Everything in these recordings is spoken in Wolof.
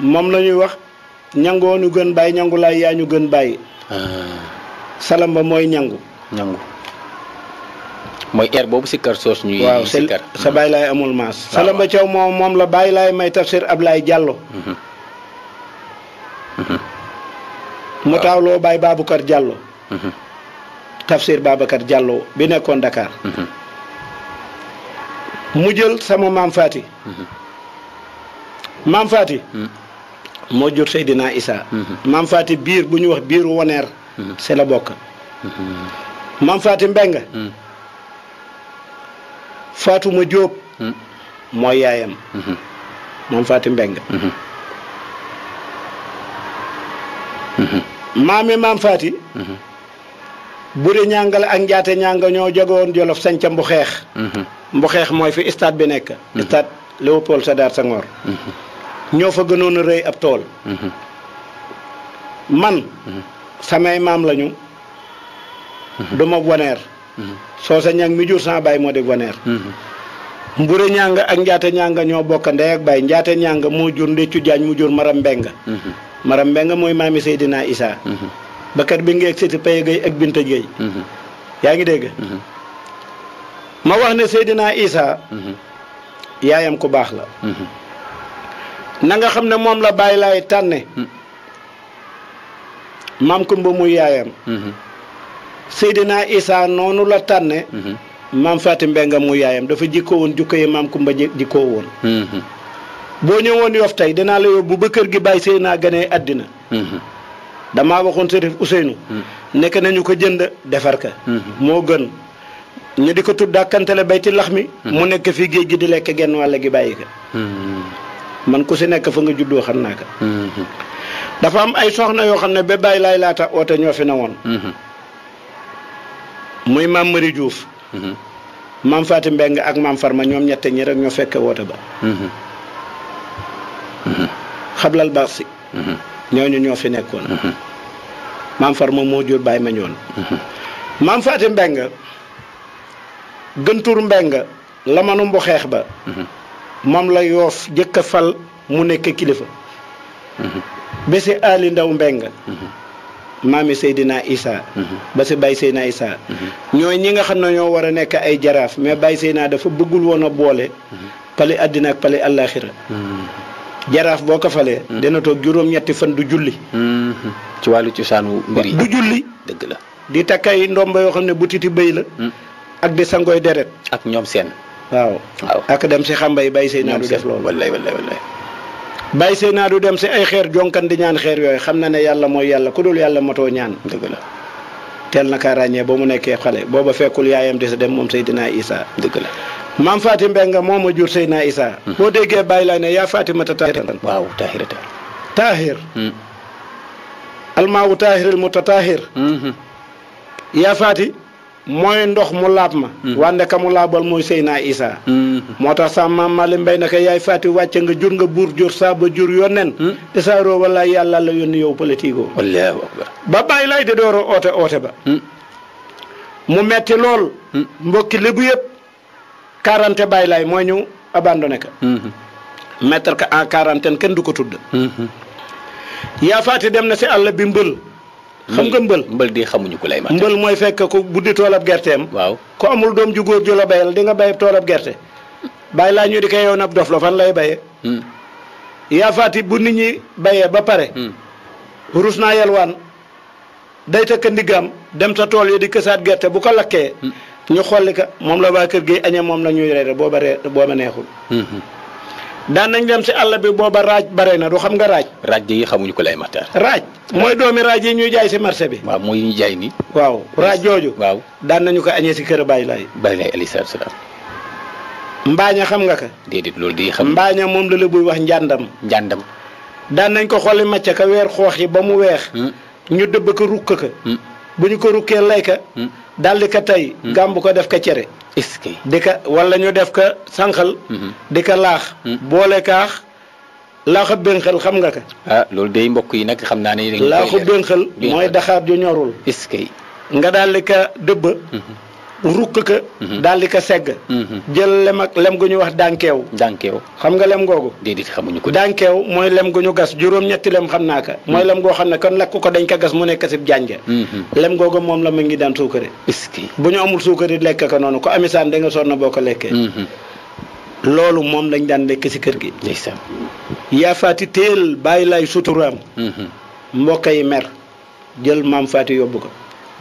mom lañuy wax ñango ñu gën bay ñangu lay ya ñu gën bay ah. salam ba moy ñangu. ñangu moy air bobu ci kër soos ñuy. ci kër sa bay lay amul mas. Ah. salam ba ciow mom mom la bay lay may tafsir Ablaye jallo mm-hmm. mm-hmm. mu ah. taawloo bàyyi Babacar jallo mm-hmm. tafsir Babacar jallo bi nekkon Dakar. mu jël sama mam Fati. mam Fati. Mm. moo jur Seydina Isa mhm. maam Faati biir bu ñu wax biiru woneer ci mhm. la bokk mhm. maam Faati Mbeng Faatuma Jóob mooy yaayam maam Faati Mbeng maami maam Faati buri ñàngal ak njaate ñànga ñoo jogoon jolof sanca mbu xeex mooy fi stade bi nekk sa Léopold Sédar Senghor ñoo fa gënoon a rëy ab tool mhm. man mhm. samay maam lañu mhm. du ma waneer soo ñang mi jur sama baay moo di waneer mbure ñanga ak njaate ñanga ñoo bokk ndey ak baay njaate ñanga moo jur ndeccu jaañ mu jur maram mbenga mooy maami Seydina Isa bakkat bi ngeeg siti paye gay ak binta géey yaa ngi dégg ma wax ne Seydina Isa yaayam ku baax la na nga xam ne moom la bàyyi laay tànne hmm. maam kumba muy yaayam hmm. Seydina Isa noonu la tànne hmm. maam Fatim Mbengue muy yaayam dafa jikkoo woon jukko yi maam kumba jikkoo woon boo ñëwoon yof tey dinaa la yóbbu ba kër gi bàyyi Seydina ganee àddina damaa waxoon Serif Ousseynou nekk nañu ko jënd defar ka moo gën ñu di ko tudd dàkkantale bayti lax mi mu nekk fii géej gi di lekk genn wàll gi bàyyi ka man ku si nekk fa nga juddoo xam naa ko mm-hmm. dafa am ay soxna yoo xam ne ba bàyyi laay laata oote ñoo fi newoon mm-hmm. muy maam Mari Diouf mm-hmm. maam Fatim benga, ak maam Farma ñoom ñette ñi rek ñoo fekke woote ba xablal baax si ñooñu ñoo fi nekkoon maam Farma moo jur bàyyi ma ñoon maam Fatim Mbeng gëntur la lamanu mbu xeex ba moom la yoof jëkk a fal mu nekk kilifa mhm. ba si Ali Ndaw Mbeng mhm. maami Seydina Isa ba bay Baye Seydina Isa mhm. ñooy ñi nga xam ne ñoo war a nekk ay jaraaf mais Baye naa dafa bëggul woon a boole pale àddina ak pale àllaaxira jaraaf boo ko falee dina toog juróom-ñetti fan du julli ci wàllu cosaanu mbir yi du julli dëgg la di takk ay ndomba yoo xam ne bu titi bëy la ak di sangooy deret ak ñoom seen waaw. waaw ak dem si xambay bay sey naa def loolu. wallaay wallaay wallaay. bay naa du dem si ay xeer jonkan di ñaan xeer yooyu xam na ne yàlla mooy yàlla ku dul yàlla matoo ñaan. dëgg la na ràññee ba mu nekkee xale booba fekkul yaayam di sa dem moom Seydina Isa. dëgg la faa Fatim Mbengue moom ma jur Seydina Isa. Hmm. boo déggee bàyyi laa ne yaa Fatimata Tahiratan. waaw Tahiratan. Tahir. almaawu hmm. Tahiril mutatahir. Hmm, yaa Fati. mooy ndox mu laab ma hmm. wande ka mu laabal mooy Seydina Isa hmm. moo tax sa maam Maalim Mbay naka yaay fàtti wàcce nga jur nga buur jur saa jur yonnen hmm. te saa roo wala yàlla la yónni yow politigo wallaahu ba bàyyi lay de dooro oote oote ba mu metti lool mbokki lébu yëpp quarante bàyyi lay mooy ñu abandonné ka mettre ka en quarantaine kenn du ko tudd yaa fàtti dem na si àll bi mbël xam nga mbël mbël di xamuñu ku lay mat mbël mooy fekk bu di toolab gerteem waaw ku amul doom ju góor ju la bayal di nga béy toolab gerte bay laa ñu di ko yow nab dof la fan lay béyee hmm. yaa faati bu nit ñi béyee ba pare hmm. rus naa yelwaan day takk ndiggaam dem ta tool yi di kësaat gerte bu ko lakkee hmm. ñu xolli ka moom la waa kër gi añee moom la ñuy reere boo reer booba neexul daan nañ dem si àll bi booba raaj bare na du xam nga raaj. raaj yi xamuñu ko lay matar raaj mooy doomi raaj yi ñuy jaay si marché bi. waaw mooy yi ñuy jaay nii. waaw raaj jooju. waaw daan nañu ko añee si kër Baye Laye. Baye Laye alayhi mbaaña xam nga ko déedéet loolu day xam. mbaaña moom la la wax njàndam. njàndam. daan nañ ko xolli macca ka weer xoox yi ba mu weex. Hmm. ñu dëbb ko rukk ka. Hmm. bu ñu ko rukkee lay ka. Hmm. daal di ko tey. Hmm. gàmb ko def ko cere. est-ce di ko wala ñu def ko sànqal. Hmm. di ko laax. Hmm. boole kaax laaxu bënqal xam nga ko. Ah, loolu day mbokk yi nag xam naa ne. laaxu bënqal mooy daxaar ju ñorul. est-ce nga daal di ko dëbb. rukk ka mhm. daal di ko segg mhm. jël lem ak lem gu ñu wax dànkeew dànkeew xam nga lem googu déedéet xamuñu ko dànkeew mooy lem gu ñu gas juróom-ñetti lem xam naa ko mooy mhm. lem goo xam ne kon lakk ko dañ ko gas mu nekk sib jànja lem googu moom la mu ngi daan suukare bu ñu amul suukari lekk ko noonu ko amisaan da nga sonn boo ko lekkee loolu moom lañ daan lekk si kër gi yaa faati téel bàyyi lay suturaam mbokk yi mer jël maam faati yóbbu ko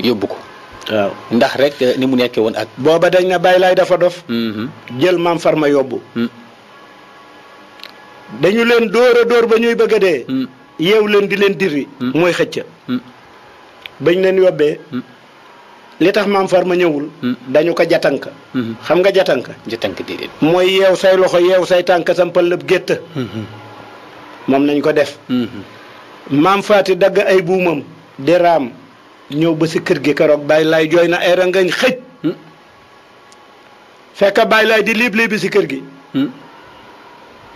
yóbbu ko waaw ndax rek eh, ni mu nekkee woon ak. booba dañ na Baye Laay dafa dof. Mm-hmm. jël maam Farma yóbbu. Mm. dañu leen dóor a dóor ba ñuy bëgg a dee. Mm. yeew leen di leen diri. Mm. mooy xëcc bañ leen yóbbee. li tax maam ma ñëwul. dañu ko jatank. Mm-hmm. xam nga jatank. jatank déedéet. mooy yeew say loxo yeew say tànk sampal lëb gétt. Mm-hmm. moom nañ ko def. maam Faati dagg ay buumam di raam. ñëw ba si kër gi keroog bay laay jooy na ay rangañ xëj hmm. fekk bàyyi laay di liib liibi si kër gi hmm.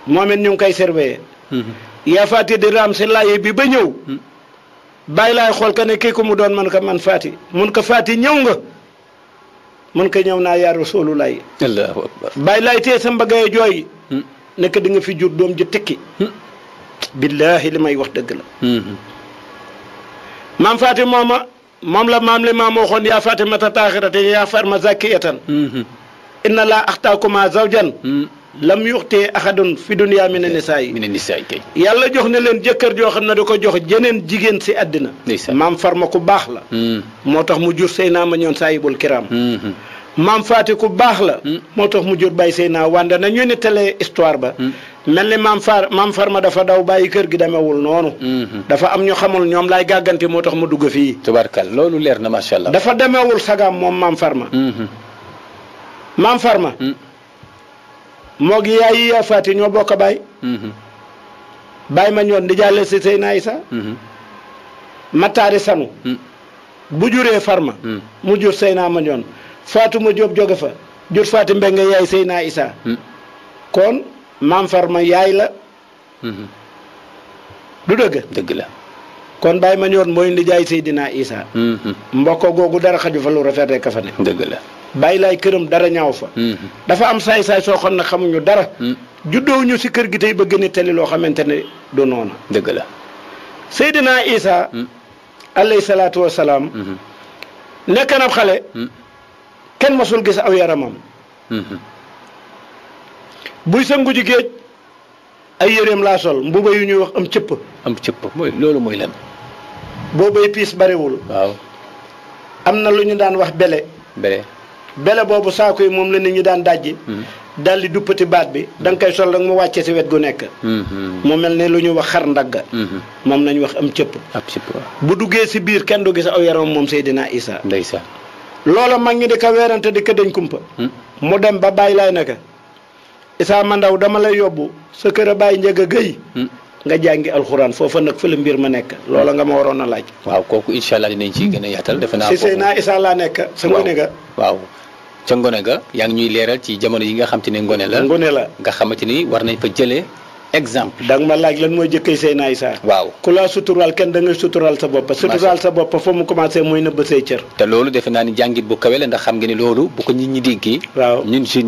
moom it ñu ngi koy surveiller hmm. yaa faati di raam si laaye bi ba ñëw bay laay xool ka ne kii ku mu doon man ka man faati mun ko faati ñëw nga mën ko ñëw naa yaa rasulullah lay akbar bàyyi laay tee sa mbagay jooy nekk di nga fi jur doom ji tekki billaahi li may wax dëgg la faati mooma moom la maam li maam waxoon yaa fatimata taaxirate yaa farma zakiyatan inna laa axtaakuma zawjan lam yuxtee axadun fi duniyaa mina nisaa yi mina nisaa yi kay yàlla jox na leen jëkkër joo xam ne da ko jox jeneen jigéen si àddina maam farma ku baax la moo tax mu jur sëy naa ma ñoon saayibul kiraam maam faati ku baax la moo tax mu jur bay sëy naa wànde na ñu ne tele histoire ba mel ni maam far maam farma dafa daw bàyyi kër gi demewul noonu. Mhm. dafa am ñu xamul ñoom laay gàggante moo tax ma dugg fii. tubarkal loolu leer na macha allah. dafa demewul sagaam moom maam farma. Mhm. maam farma. Mm. moo gi yaay yi yaa faati ñoo bokk a mhm. bàyyi. ma ñoon di jàlle si sey naay sa. mattaari sanu. Mm. bu juree farma. Mm. mu jur sey naa ma ñoon faatu ma jóob jóge fa jur faati mbeng yaay sey naa isa kon. maam Farma yaay la. Mhm. du dëgg. dëgg la. kon Baye Mandione mooy nijaay Seydina Isa. Mhm. mbokk googu dara xaju fa lu rafet rek a fa ne. dëgg bàyyi laay këram dara ñaaw fa. Mhm. dafa am saay-saay soo xam ne xamuñu dara. juddoo ñu si kër gi tey bëgg ni teli loo xamante ne du noona dëgg la Isa. alayhi salaatu wa salaam. nekk xale. kenn masul gis aw yaramam. buy sangu ci géej ay yéreem laa sol mbuba yu ñuy wax am cëpp. am cëpp mooy loolu mooy lan. boo bay piis bariwul. am na lu ñu daan wax bele. bele boobu saako yi moom la nit ñu daan dàjj hmm. daal di duppati baat bi da koy sol rek mu wàccee si wet gu nekk. moo hmm. mel ne lu ñuy wax xar ndagg hmm. moom nañu wax am cëpp. ab bu duggee si biir kenn du gis aw yaram moom Seydina Isa. ndeysaan. loola mag ñi di ko weerante di ko dañ mu dem ba bàyyi laay naka. isaa mandaw dama lay yóbbu sa kër a bàyyi njëg a gëy nga jàngi alxuraan foofu nag fële mbir ma nekk hmm. loola nga ma waroon a laaj waaw kooku incha allah dinañ ci gën a yaatal defe naa si sëy naa isaa laa nekk sa ngone ga waaw ca ngone ga yaa ngi ñuy leeral ci jamono yi nga xam te ne ngone la ngone la nga xamante ni war nañ fa jëlee exemple da ma laaj lan mooy jëkkëy Seydina Isa waaw ku laa suturaal kenn da ngay suturaal sa bopp suturaal sa bopp fa mu commencé mooy nëbb say defe naa ni jàngit bu kawe la ndax xam nga ni loolu bu ko nit ñi déggee waaw ñun tey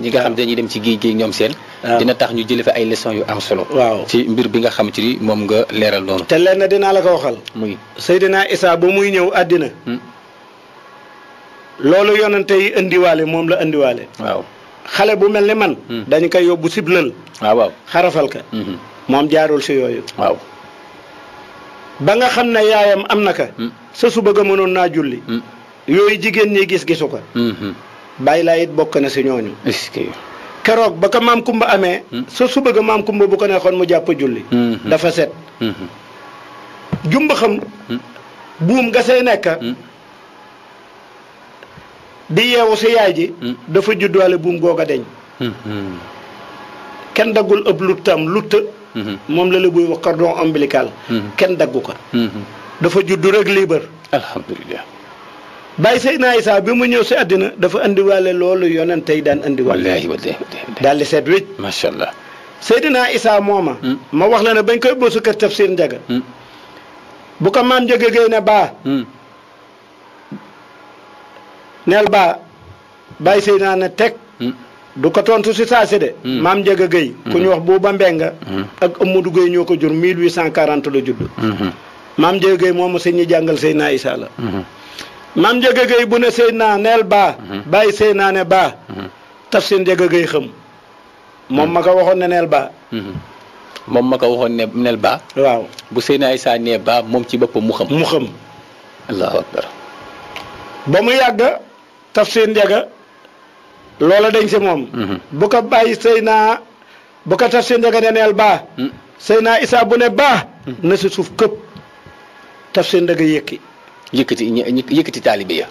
ñi dañuy dem ci géej géej seen dina tax ñu jëlee fa ay leçons yu solo waaw mbir bi nga xam ni moom nga leeral noonu te lenn dinaa la ko waxal muy Seydina Isa ba muy ñëw àddina hmm. loolu yonante yi indiwaale moom la indiwaale xale bu mel ni man. Hmm. dañu koy yóbbu siblal. waaw ah, waaw xarafal ka. Hmm. moom jaarul si yooyu. waaw. ba nga xam ne yaayam am na ka. Hmm. sa su bëgg mënoon naa julli. yooyu jigéen ñi gis-gisu ko. bàyyi laa it bokk na si ñooñu. keroog ba ko maam kumba amee. sa su bëgg maam kumba bu ko neexoon mu jàpp julli. dafa set. jumba xam. buum gasee nekk. di yeewu si yaay ji. Hmm. dafa judduwaale buum goog a deñ. Hmm, hmm. kenn daggul ëpp luttam lutta. moom la la buy wax cordon kenn daggu ko. dafa juddu rek liibar. alhamdulilah. bàyyi Seydina Isaa bi mu ñëw si àddina dafa andiwaale loolu yonent yi daan andiwaale. wallaahi wallaahi daal di seet wécc. macha allah Seydina Isaa mooma. ma wax la ne bañ koy bësu kër tafsir njaga bu ko maam jóge baa. neel baa bàyyi sëy naa ne teg mm. du ko tontu si saasi de mm. maam Njaga Géy ku ñu mm-hmm. wax Buuba Mbenga mm. ak Amadou Géy ñoo ko jur 1840 la judd mm-hmm. maam Njaga Géy moomu sëñ ñi jàngal sëy naa Isaa la mm-hmm. maam Njaga Géy bu ne sëy naa neel baa bàyyi sëy naa ne baa taf seen Njaga Géy xam moom ma ko waxoon ne neel baa moom ma ko waxoon ne neel baa waaw bu sëy naa Isaa nee baa moom ci boppam mu xam mu xam ba mu yàgg tafsir njaga loola dañ si moom mhm. bu ko bàyyi sëy naa bu ko tafsir njaga ne neel baa mhm. sëy naa isaa bu ne baa mhm. na si suuf këpp tafsir njaga yëkki yëkkati yëkkati taalibe ya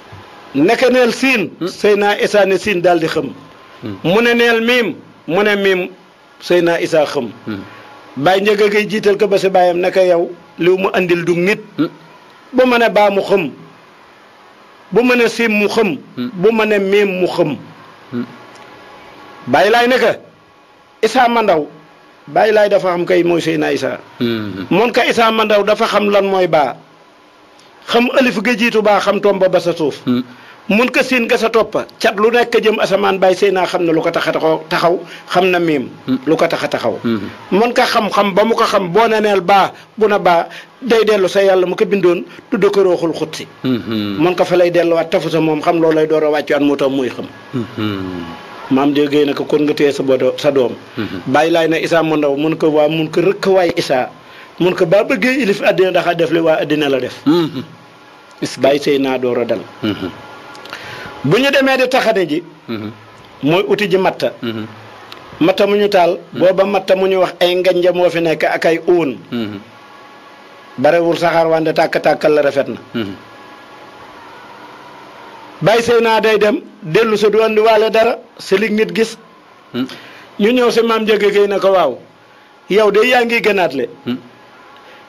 neke neel siin sëy naa isaa ne siin daal di xëm mu ne neel miim mu ne miim sëy naa isaa xëm bàyyi njëga gay jiital ko ba si bàyyam naka yow liw mu andil du nit bu ma ne baa mu xëm bu mën a sim mu xëm hmm. bu mën a miim mu xëm hmm. bàyyi laay ne ka isaa mandaw bàyyi laay dafa xam kay mooy Seydina Isaa hmm. moom ka isaa mandaw dafa xam lan mooy baa xam alif ga jiitu baa xam tomba ba sa suuf mun ko siin ga sa toppa cat lu nekk jëm asamaan bàyyi sëy naa xam na lu ko tax a taxaw xam na miim hmm. lu ko tax a taxaw hmm. mun ko xam-xam ba mu ko xam boo neneel baa bu na baa day dellu sa yàlla mu ko bindoon tudda ko rooxul xut hmm. mun ko fa lay delluwaat tafu sa moom xam loolu lay door a wàccu at moo tax muy xam maam jógee na ko kon nga téye sa bodo sa doom bàyyi laay na isaa mu ndaw mun ko waa mun ko rëkk waay isaa mun ko baa bëggee ilif addina ndax a def li waa addina la def bàyyi sëy naa door a bu ñu demee di taxane ji mm-hmm. mooy uti ji matta mm-hmm. matta mu ñu taal mm-hmm. booba matta mu ñu wax ay nganja moo fi nekk ak ay uun barewul saxaar wande tàkk-tàkkal la rafet na bàyyi sëy naa day dem dellu sa du andi dara sa lig nit gis ñu ñëw si maam jëgg kay ne ko waaw yow de yaa ngi gënaat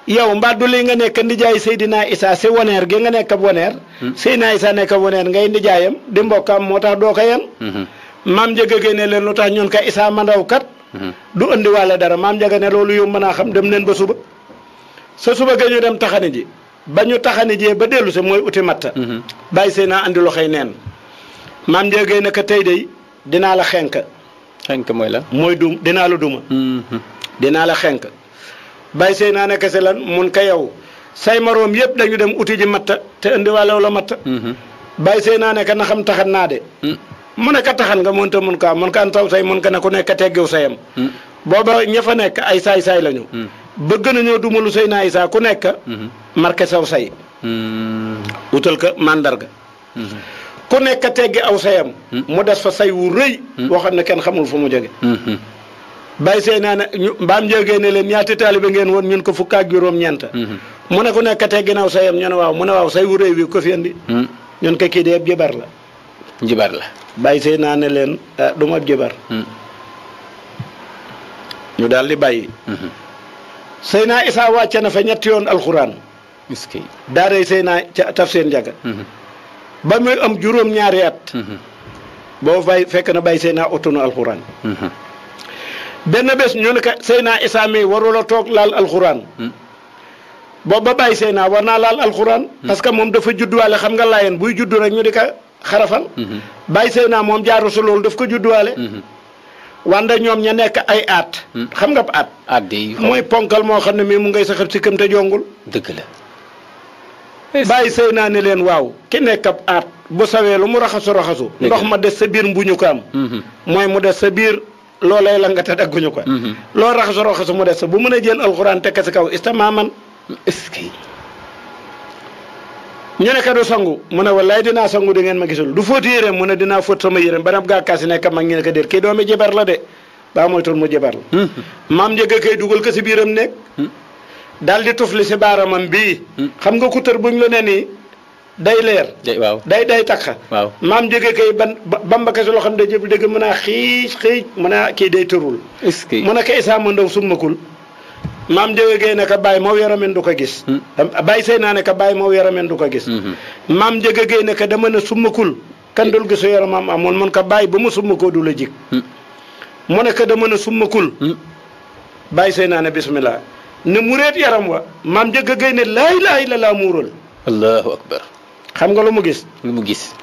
yow mbaa du nga nekk ndijaay Seydina Isa si woneer gi nga nekk ab woneer hmm. Seydina Isa nekk ab woneer ngay ndijaayam di mbokkam moo tax doo ko yan hmm. maam njëga génne leen lu tax ñun ka Isa mandaw kat hmm. du indiwaale dara maam njëga ne loolu mën a xam dem leen ba suba sa suba ga ñu dem taxani ji ba ñu taxani jee ba dellu sa mooy uti matta bàyyi Seydina andi loxoy neen maam njëga ne ka tey de dinaa la xenk xenk mooy la mooy dum dinaa la duma dinaa la xenk bàyyi sëy naa ne kese lan mun ka yow say maroom yëpp dañu dem uti ji matta te indiwaale la matta mhm. bàyyi sëy naa ne ka na xam taxan naa de mm. mu ne ka taxan nga mënta mun mun ka an taw say mun ka ne ku nekk teggiw sayam mm. booba ña fa nekk ay saay-saay lañu mm. bëgg nañoo dumalu sëy naa isaa ku nekk mm-hmm. marqué saw say wutal ka màndarga mm-hmm. ku nekk teggi aw sayam mu des fa say wu rëy woo xam ne kenn xamul fu mu jóge mm-hmm. Baye Seye naa ne ñu mbaam njëgee leen ñaata taalibe ngeen woon ñun ko fukk ak juróom-ñeent. Mhm. mu ne ku nekkatee ginaaw sayam ñu ne waaw mu ne waaw say wu réew wi ko fi indi. Mhm. ñun ko kii de ab jibar la. jibar la Baye Seye naa ne leen ah du ma ab jibar. Mhm. ñu daal di bàyyi. Seynaa Isaa wàcce na fa ñetti yoon alxuraan. est-ce que daaray Seynaa ca taf seen njaga. ba muy am juróom-ñaari at. boo fay fekk na bay Seynaa ottu na alxuraan. benn bés ñu ne ko Seyna Isa mi warula toog laal alxuraan. Hmm. boobu ba bàyyi naa war naa laal alxuraan. Hmm. parce que moom dafa judduwaale xam nga laayeen buy juddu rek ñu di ko xarafal. Hmm. bàyyi naa moom jaaru su loolu daf ko judduwaale. wanda ñoom ña nekk ay aat. xam nga aat. aat de mooy ponkal moo xam ne mii mu ngay saxab si këm te jongul. dëgg la. bàyyi sëy naa ne leen waaw ki nekk ab aat bu sawee lu mu raxasu raxasu. ndox ma des sa biir mbuñu ko am. mooy mu des sa biir loolay la nga dagguñu ko mm-hmm. loolu raxasu raxasu mu des bu mën a jël alxuraan tekk si kaw istamaaman est-ce que ñu ne ka du sangu mu ne wallaay dinaa sangu di ngeen ma gisul du fóot yérem mu ne dinaa fóot sama yérem ba nab gàkkaasi nekk mag ñu ne ko déet kii doomi jabar la de baa moytul mu jabar la mm-hmm. maam njëgg kay dugal ko si biiram nekk mm-hmm. dal di tufli si baaramam bii xam nga ku tër buñ la ne nii day leer. waaw day day takka. waaw maam jógee kay ban bamba kese loo xam ne jëpp dëgg mën a xiic xiic mën a kii day tërul. est-ce que mën a ko isaa ma ndaw summakul maam jógee kay ne ka bàyyi moo yaramen du ko gis. Hmm. bàyyi sëy naa ne ka moo yaramen du ko gis. Hmm. maam jógee kay ne dama ne summakul kan dul gisu yaramam amoon mun ka bàyyi ba mu summakoo du la jig. Hmm. mu ne ka dama ne summakul. bàyyi sëy naa ne bismillah ne mureet yaram wa maam jógee kay ne laay laay xam nga lu mu gis lu mu gis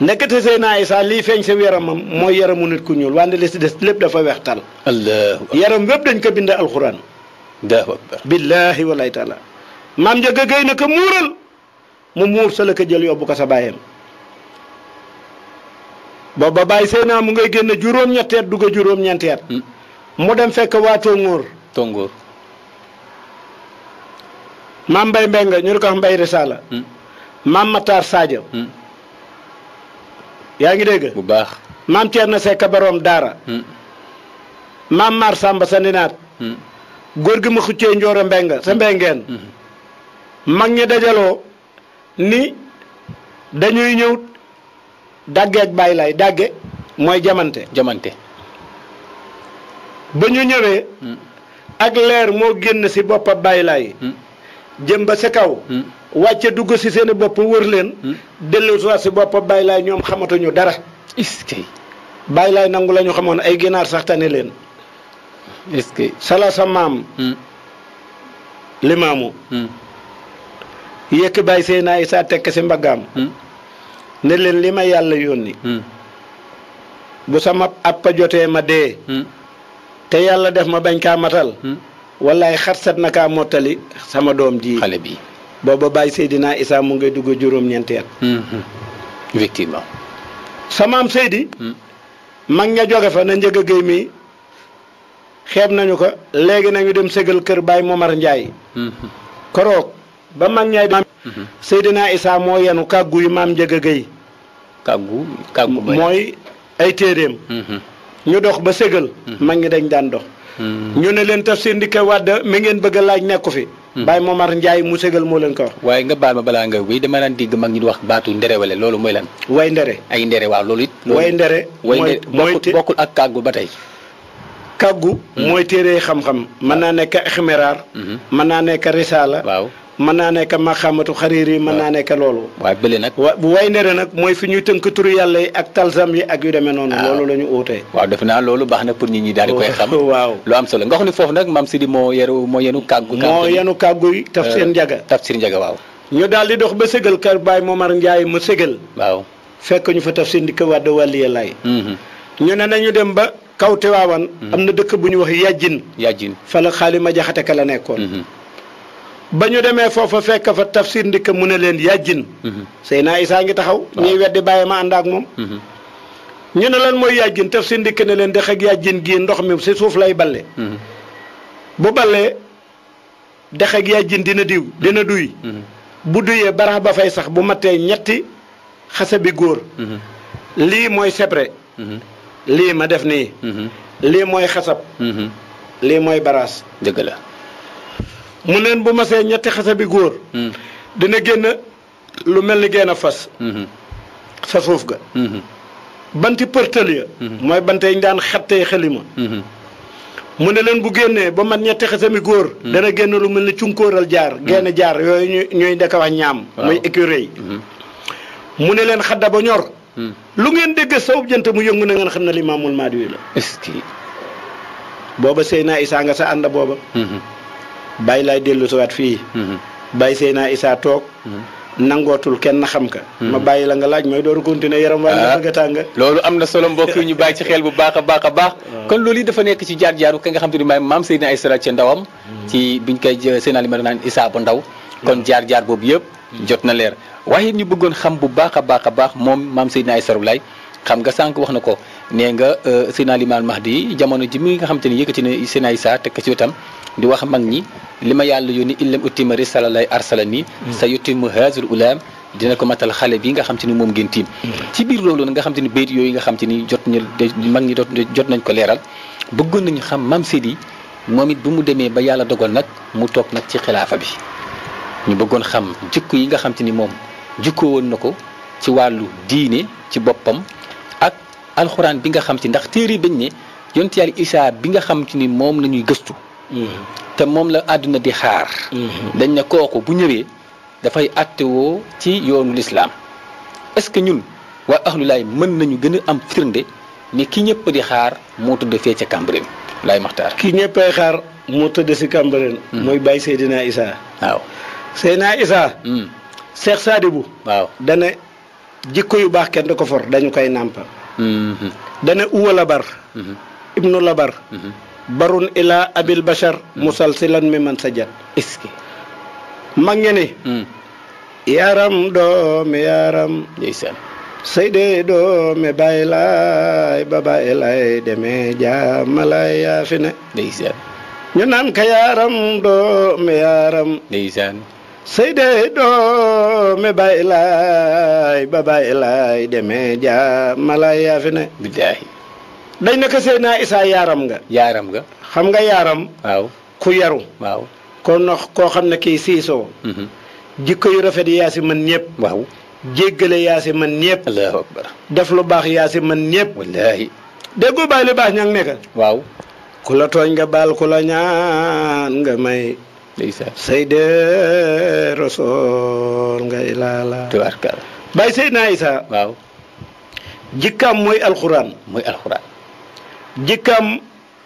nekkate seyna isa li feñ sa yaramu nit ku ñuul wante li des lepp dafa tal allah yaram wépp dañ ko bind alquran allahu akbar billahi wallahi taala mam ja gey na ko mu mur sa la ko jël yobbu ko sa ba booba bàyyi seyna mu ngay genn juroom ñettet duga juroom ñenteet hmm. mu dem fekk waa tongoor tongoor maam Mam mbay ñu ko mbay risala hmm. maam Matar Sadio. Hmm. yaa ngi dégg. bu baax maam Thierno Seck borom Daara. Hmm. maam Mar Samba sa ninaat. Hmm. góor gi ma xuccee njooro mbenga sa mbengeen. mag ñi dajaloo ni dañuy ñëw dagge ak dagge mooy jamante. jamante ba ñu ñëwee. ak leer moo génn si boppam bàyyi lay jëm sa kaw. wàcce dugg si seeni bopp wër leen. Hmm. delloo si waat si laay ñoom xamatuñu dara. est-ce laay nangu lañu xamoon ay ginaar saxtane leen. est-ce que. sala sa maam. Hmm. limaamu. Hmm. yëkk bàyyi seen ay saa tekk si mbaggaam. ne leen li ma yàlla yónni. bu sama appa jotee ma dee. te yàlla def ma bañ kaa matal. wallaay xarsat na kaa mottali sama doom ji. bi. booba bàyyi Seydina Isa mu ngay dugg juróom-ñeenti at mhm. samaam Seydi hmm. mag ña joge fa na njëg a géy mi xeeb nañu ko léegi nañu dem ségal kër Baye Momar Ndiaye mhm. koroog ba mag ñaay mhm. Seydina Isa moo yenu kàggu yu maam njëg a géy kàggu kàggu mooy ay téeréem ñu dox ba ségal mag ñi dañ daan dox ñu ne leen tafsir ndikke wàdd mi ngeen bëgg a laaj nekku fi Hmm. Baye Momar Ndiaye mu ségal moo leen ko waaye nga baal ma balaa nga wéy dama daan dégg mag ñi wax baatu nderewale loolu mooy lan way ndere ay ndere waaw loolu it way ndere way ndere ak kàggu ba tey kàggu hmm. mooy téere xam-xam mën naa nekk ximéraar hmm. mën naa nekk risaala waaw mën naa nekk maqaamatu xariir yi mën naa nekk loolu waaye bële nag wa way nere nag mooy fi ñuy tënk turu yàlla yi ak talsam yi ak yu demee noonu ah. loolu la ñu uutee waaw def naa loolu baax na pour nit ñi daal di koy xam waaw lu solo nga xam ne foofu nag maam Sidi moo yeru moo yenu kàggu moo yenu kàggu tafsir euh, njaga tafsir njaga waaw ñu daal di dox ba ségal ka Baay moom Momar Njaay mu ségal waaw fekk ñu fa tafsir ndikk wàdd wàlliya lay mm-hmm. ñu ne nañu dem ba kaw Tiwaawan mm-hmm. am na dëkk bu ñu wax yàjjin yàjjin fa la xaali ma jaxate ka la nekkoon mm-hmm. ba ñu demee foofa fekk fa tafsir ndikk mu ne leen yàjjin mhm. Seydina Isaa ngi taxaw ñuy weddi bàyyi ma ànd ak moom mhm. ñu ne leen mooy yàjjin tafsir ndikk ne leen dex ak yàjjin gii ndox mi si suuf lay balle mhm. bu ballee dex yàjjin dina diw dina duy bu duyee barax ba fay sax bu matee ñetti xase bi góor lii mooy sebre lii ma def nii lii mooy xasab lii mooy baraas mu neen bu masee ñetti xasa bi góor mm-hmm. dina génn lu mel ni génn fas mm-hmm. sa suuf ga mm-hmm. banti përtël ya mooy bante daan xattee xalima mu ne leen bu génnee ba mat ñetti xasami góor dana génn lu mel ni cunkóoral jaar génn jaar yooyu ñuy daka wax ñaam muy écureuil mu ne leen xadda ba ñor lu ngeen dégg sawub jënt mu yëngu na ngeen xam na limaamul maadi wi la booba naa Isaa nga sa ànd booba bàyyi laay dellu waat fii mhm. bàyyi Seyna Issa toog mhm. nangootul kenn xam ka mhm. ma bàyyi la nga laaj mooy dooru continuer yaram waa nga ah. bëgg a tàng loolu am na solo mbokk yi ñu bàyyi ci xel bu baax a baax a baax ah. kon loolu yi dafa nekk ci jaar jaaru ka nga xam te ni maay maam Seydina Issa ca ndawam mm. ci biñ koy Seydina li ma naan Issa bu ndaw kon mm. jaar jaar boobu yëpp mm. jot na leer waaye ñu bëggoon xam bu baax a baax a baax moom maam Seydina Issa Roulaye xam nga sànq wax na ko nee nga euh, Seydina max di jamono ji mi nga xam te ni yëkkati na Seydina Isa te ko ci wetam di wax mag ñi li ma yàlla yoon yónni illam uttima risala lay arsala nii hmm. sa yutimu hazir ulaam dina ko matal xale bi nga xam te ni moom ngeen tiim hmm. ci biir loolu nga xam te ni bayit yooyu nga xam te ni jot ñu mag ñi jot nañ ko leeral bëggoon nañu xam Maam Seydi moom it bu mu demee ba yàlla dogal nag mu toog nag ci xilaafa bi ñu bëggoon xam jikko yi nga xam te ni moom jikkoo woon na ko ci wàllu diine ci boppam alxuraan bi nga xam ci ndax téere bañ ne yonent yàlla Isaa bi nga xam ci ni moom la ñuy gëstu. Mm-hmm. te moom la àdduna di xaar. Mm-hmm. dañ ne kooku bu ñëwee dafay àttewoo ci yoonu lislaam est-ce que ñun waa ahlulaay mën nañu gën a am firnde ni ki ñëpp di xaar moo tëdd fee ca Cambérène laay maxtaar. ki ñëppay xaar moo tëdd si Cambérène. Mm. mooy bàyyi Seydina Isaa. waaw Seydina Isaa. Seex mm. Saadibu. waaw dana jikko yu baax kenn du ko for dañu koy nàmpa. dane uwa labar ibnu labar barun ila abil bashar musalsilan mi man sajat iski mag ñe ne hmm. yaram doomi yaram ndeysaan seyde doomi bàyyi laay ba bàyyi laay demee jaamalaay yaa ñu naan ka yaaram doomi yaaram ndeysaan seyde doomi Baay Laay ba Baay Laay demee jaa malaay yaa fi ne billaahi dañ naka sey naa isaa yaaram nga yaaram nga xam nga yaaram waaw ku yaru waaw nox koo xam ne kii siisoo mm-hmm. jikko yu rafet yaa si mën ñëpp waaw jéggale yaa si mën ñëpp allahu def lu baax yaa si mën ñëpp wallaahi déggoo baay lu baax ña ngi waaw ku la tooñ nga baal ku la ñaan nga may ndeysaan Seyde Rasool ngay laala. mooy alxuraan. mooy alxuraan. jikkaam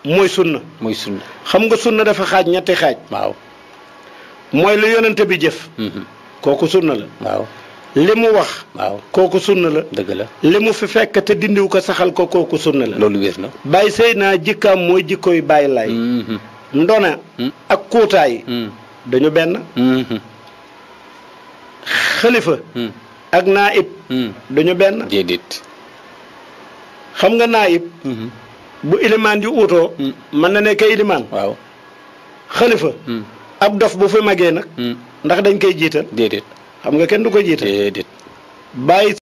mooy sunna. mooy sunna. xam nga sunna dafa xaaj ñetti xaaj. waaw. mooy lu yonente bi jëf. Mhm. kooku sunna la. li mu wax. kooku sunna la. dëgg la li mu fi fekk te dindiw ko saxal ko kooku sunna la. loolu wér na. Baye Seydina jikkaam mooy jikkooy Baye Laay. Mhm. ndona hmm. ak kóotaay hmm. dañu benn hmm. xalifa ak naayib dañu benn déedéet xam nga naayib bu ilimaan di uutoo mën na nekk ilimaan waaw xalifa ab dof bu fi magee nag ndax dañ koy jiital déedéet xam nga kenn du ko jiital